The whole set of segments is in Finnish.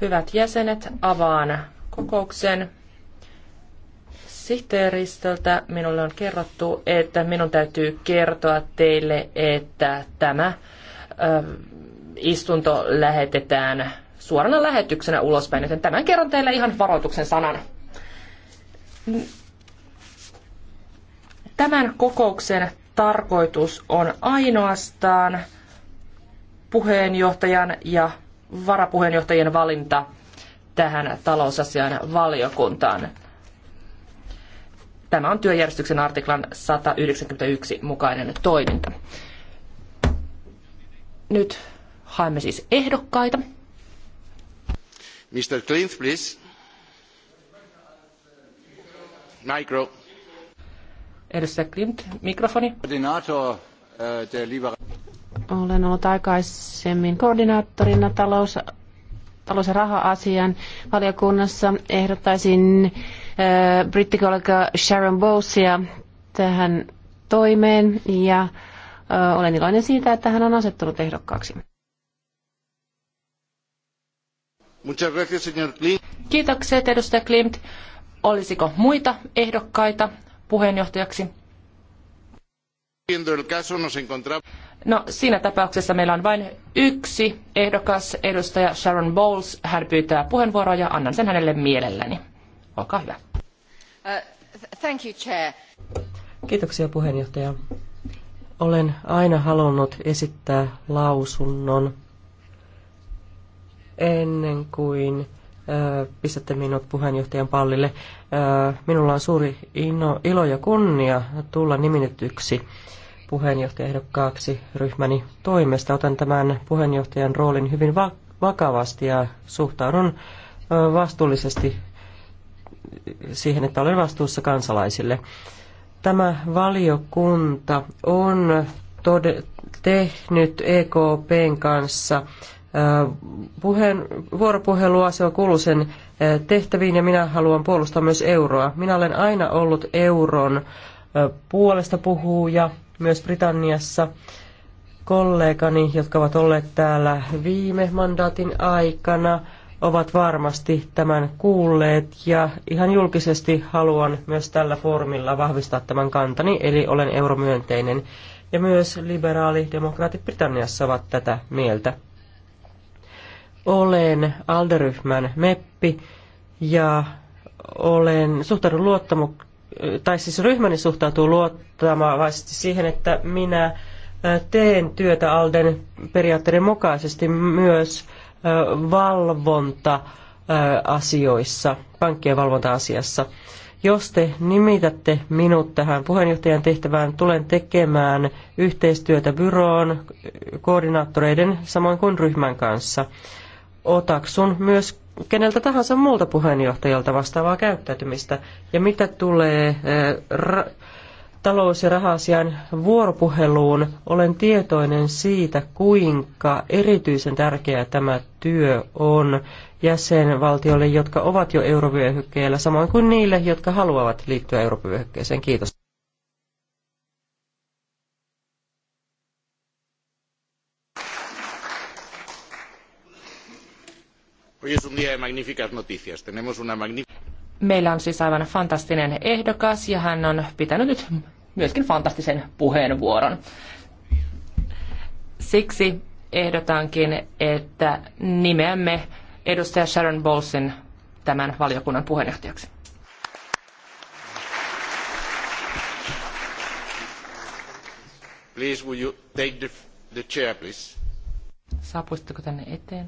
Hyvät jäsenet, avaan kokouksen. Sihteeristöltä minulle on kerrottu, että minun täytyy kertoa teille, että tämä istunto lähetetään suorana lähetyksenä ulospäin, joten tämän kerron teille ihan varoituksen sanan. Tämän kokouksen tarkoitus on ainoastaan puheenjohtajan ja varapuheenjohtajien valinta tähän talousasian valiokuntaan. Tämä on työjärjestyksen artiklan 191 mukainen toiminta. Nyt haemme siis ehdokkaita. Mr. Clint, please. Micro. Edustaja Klimt, mikrofoni. Koordinaator uh, äh, olen ollut aikaisemmin koordinaattorina talous, talous- ja raha-asian valiokunnassa. Ehdottaisin äh, brittikollega Sharon Bowsia tähän toimeen ja äh, olen iloinen siitä, että hän on asettunut ehdokkaaksi. Kiitokset edustaja Klimt. Olisiko muita ehdokkaita puheenjohtajaksi? No siinä tapauksessa meillä on vain yksi ehdokas, edustaja Sharon Bowles. Hän pyytää puheenvuoroa ja annan sen hänelle mielelläni. Olkaa hyvä. Uh, thank you, chair. Kiitoksia puheenjohtaja. Olen aina halunnut esittää lausunnon ennen kuin uh, pistätte minut puheenjohtajan pallille. Uh, minulla on suuri ilo ja kunnia tulla nimitettyksi puheenjohtajaehdokkaaksi ryhmäni toimesta. Otan tämän puheenjohtajan roolin hyvin vakavasti ja suhtaudun vastuullisesti siihen, että olen vastuussa kansalaisille. Tämä valiokunta on tode- tehnyt EKPn kanssa puheen, vuoropuhelua, se on kuullut sen tehtäviin ja minä haluan puolustaa myös euroa. Minä olen aina ollut euron puolesta puhuu ja myös Britanniassa kollegani, jotka ovat olleet täällä viime mandaatin aikana, ovat varmasti tämän kuulleet ja ihan julkisesti haluan myös tällä foorumilla vahvistaa tämän kantani, eli olen euromyönteinen. Ja myös liberaalidemokraatit Britanniassa ovat tätä mieltä. Olen Alderyhmän meppi ja olen suhtaudun luottamuk- tai siis ryhmäni suhtautuu luottavaisesti siihen, että minä teen työtä Alden periaatteiden mukaisesti myös valvonta asioissa, pankkien valvonta-asiassa. Jos te nimitätte minut tähän puheenjohtajan tehtävään, tulen tekemään yhteistyötä byroon, koordinaattoreiden samoin kuin ryhmän kanssa. Otaksun myös keneltä tahansa muulta puheenjohtajalta vastaavaa käyttäytymistä. Ja mitä tulee eh, ra- talous- ja rahasian vuoropuheluun, olen tietoinen siitä, kuinka erityisen tärkeää tämä työ on jäsenvaltioille, jotka ovat jo eurovyöhykkeellä, samoin kuin niille, jotka haluavat liittyä eurovyöhykkeeseen. Kiitos. Meillä on siis aivan fantastinen ehdokas ja hän on pitänyt nyt myöskin fantastisen puheenvuoron. Siksi ehdotankin, että nimeämme edustaja Sharon Bolsin tämän valiokunnan puheenjohtajaksi. Please, will you take the, the chair, please? Saapuisitteko tänne eteen?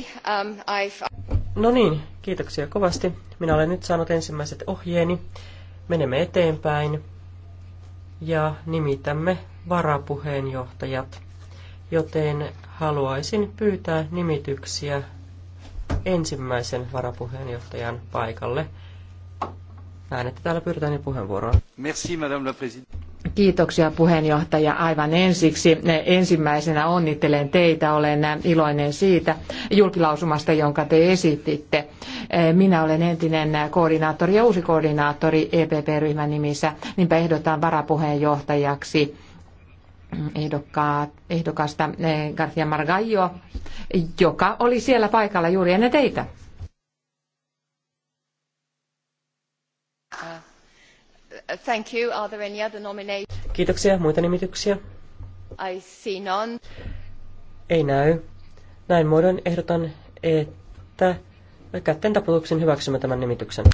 Um, no niin, kiitoksia kovasti. Minä olen nyt saanut ensimmäiset ohjeeni. Menemme eteenpäin ja nimitämme varapuheenjohtajat, joten haluaisin pyytää nimityksiä ensimmäisen varapuheenjohtajan paikalle. Näen, että täällä pyydetään jo puheenvuoroa. Merci, Madame la Présidente. Kiitoksia puheenjohtaja. Aivan ensiksi eh, ensimmäisenä onnittelen teitä. Olen eh, iloinen siitä julkilausumasta, jonka te esititte. Eh, minä olen entinen koordinaattori ja uusi koordinaattori EPP-ryhmän nimissä. Niinpä ehdotan varapuheenjohtajaksi mm, ehdokasta Garcia Margallo, joka oli siellä paikalla juuri ennen teitä. Thank you. Are there any other nominations? Kiitoksia. Muita nimityksiä? I see none. Ei näy. Näin muodon ehdotan, että kätten taputuksen hyväksymme tämän nimityksen.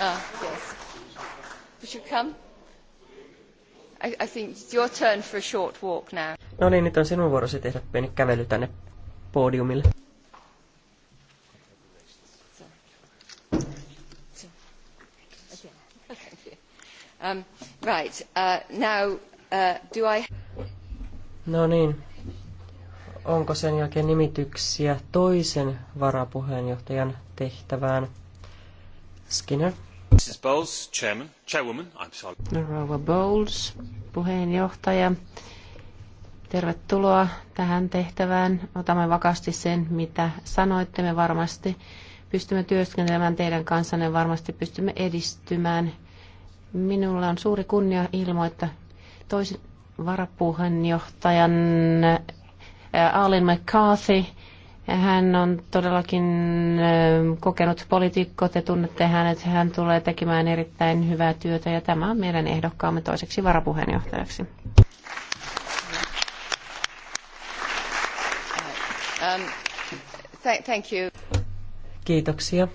Ah, yes. come? I, think it's your turn for a short walk now. No niin, nyt on sinun vuorosi tehdä pieni kävely tänne podiumille. Right, uh, now, uh, do I... No niin. Onko sen jälkeen nimityksiä toisen varapuheenjohtajan tehtävään? Skinner. Mrs. Bowles, chairman, chairwoman, I'm sorry. Bowles, puheenjohtaja. Tervetuloa tähän tehtävään. Otamme vakasti sen, mitä sanoitte. Me varmasti pystymme työskentelemään teidän kanssanne ja varmasti pystymme edistymään Minulla on suuri kunnia ilmoittaa toisen varapuheenjohtajan äh, Alin McCarthy. Hän on todellakin äh, kokenut poliitikko, te tunnette hänet, hän tulee tekemään erittäin hyvää työtä ja tämä on meidän ehdokkaamme toiseksi varapuheenjohtajaksi. Um, Kiitoksia.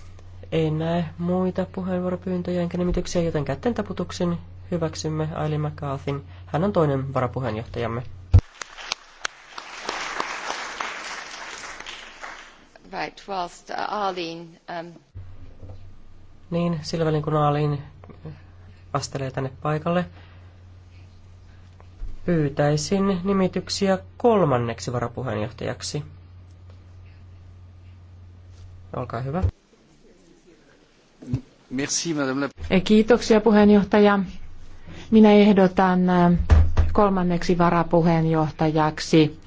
Ei näe muita puheenvuoropyyntöjä enkä nimityksiä, joten kätten taputuksen hyväksymme Aili McCarthyn. Hän on toinen varapuheenjohtajamme. Right, whilst uh, Arlene, um... Niin, sillä välin kun Aaliin äh, astelee tänne paikalle, pyytäisin nimityksiä kolmanneksi varapuheenjohtajaksi. Olkaa hyvä. Merci, madame la... Eh, kiitoksia puheenjohtaja. Minä ehdotan eh, kolmanneksi varapuheenjohtajaksi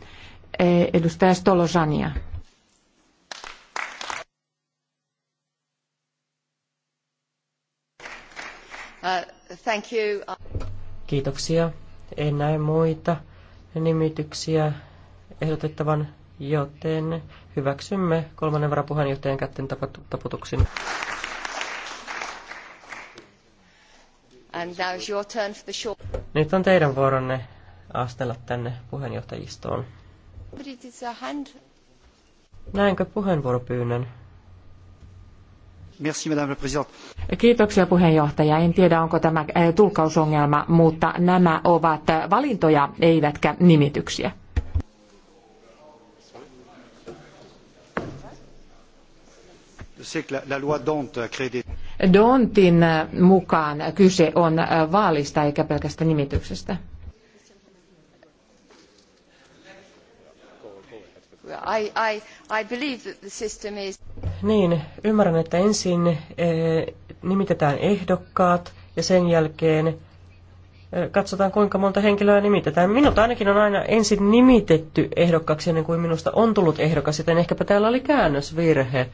eh, edustaja Stolosania. Uh, kiitoksia. En näe muita nimityksiä ehdotettavan, joten hyväksymme kolmannen varapuheenjohtajan kätten taputuksen. And now is your turn for the short... Nyt on teidän vuoronne astella tänne puheenjohtajistoon. Näinkö puheenvuoropyynnön? Merci, Madame Kiitoksia puheenjohtaja. En tiedä, onko tämä tulkausongelma, mutta nämä ovat valintoja, eivätkä nimityksiä. Dontin mukaan kyse on vaalista eikä pelkästä nimityksestä. I, I, I believe that the system is... Niin, ymmärrän, että ensin eh, nimitetään ehdokkaat ja sen jälkeen eh, katsotaan, kuinka monta henkilöä nimitetään. Minut ainakin on aina ensin nimitetty ehdokkaaksi ennen kuin minusta on tullut ehdokas, joten ehkäpä täällä oli käännösvirhe. virhe.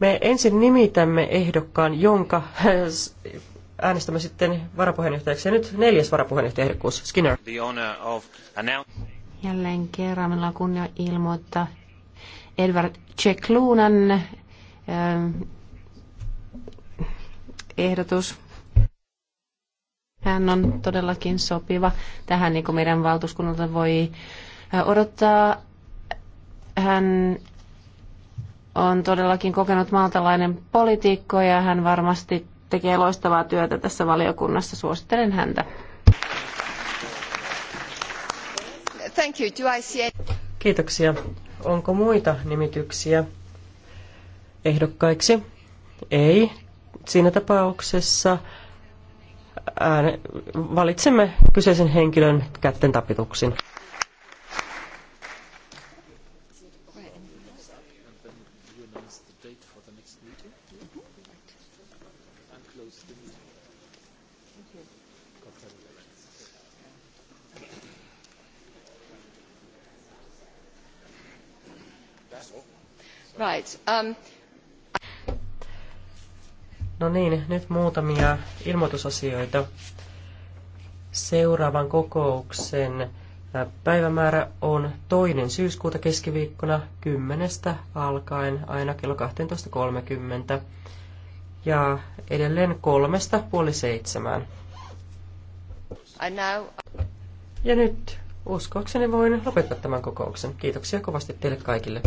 Me ensin nimitämme ehdokkaan, jonka äänestämme sitten varapuheenjohtajaksi. Ja nyt neljäs varapuheenjohtajaehdokkuus, Skinner. Jälleen kerran meillä on kunnia ilmoittaa Edward Chekluunan ehdotus. Hän on todellakin sopiva tähän, niin kuin meidän valtuuskunnalta voi odottaa. Hän on todellakin kokenut maltalainen poliitikko ja hän varmasti tekee loistavaa työtä tässä valiokunnassa. Suosittelen häntä. Thank you. Do I see... Kiitoksia. Onko muita nimityksiä ehdokkaiksi? Ei. Siinä tapauksessa ääne, valitsemme kyseisen henkilön kätten tapituksin. Right. Um... No niin, nyt muutamia ilmoitusasioita. Seuraavan kokouksen päivämäärä on toinen syyskuuta keskiviikkona kymmenestä alkaen aina kello 12.30 ja edelleen kolmesta puoli seitsemään. Ja nyt uskoakseni voin lopettaa tämän kokouksen. Kiitoksia kovasti teille kaikille.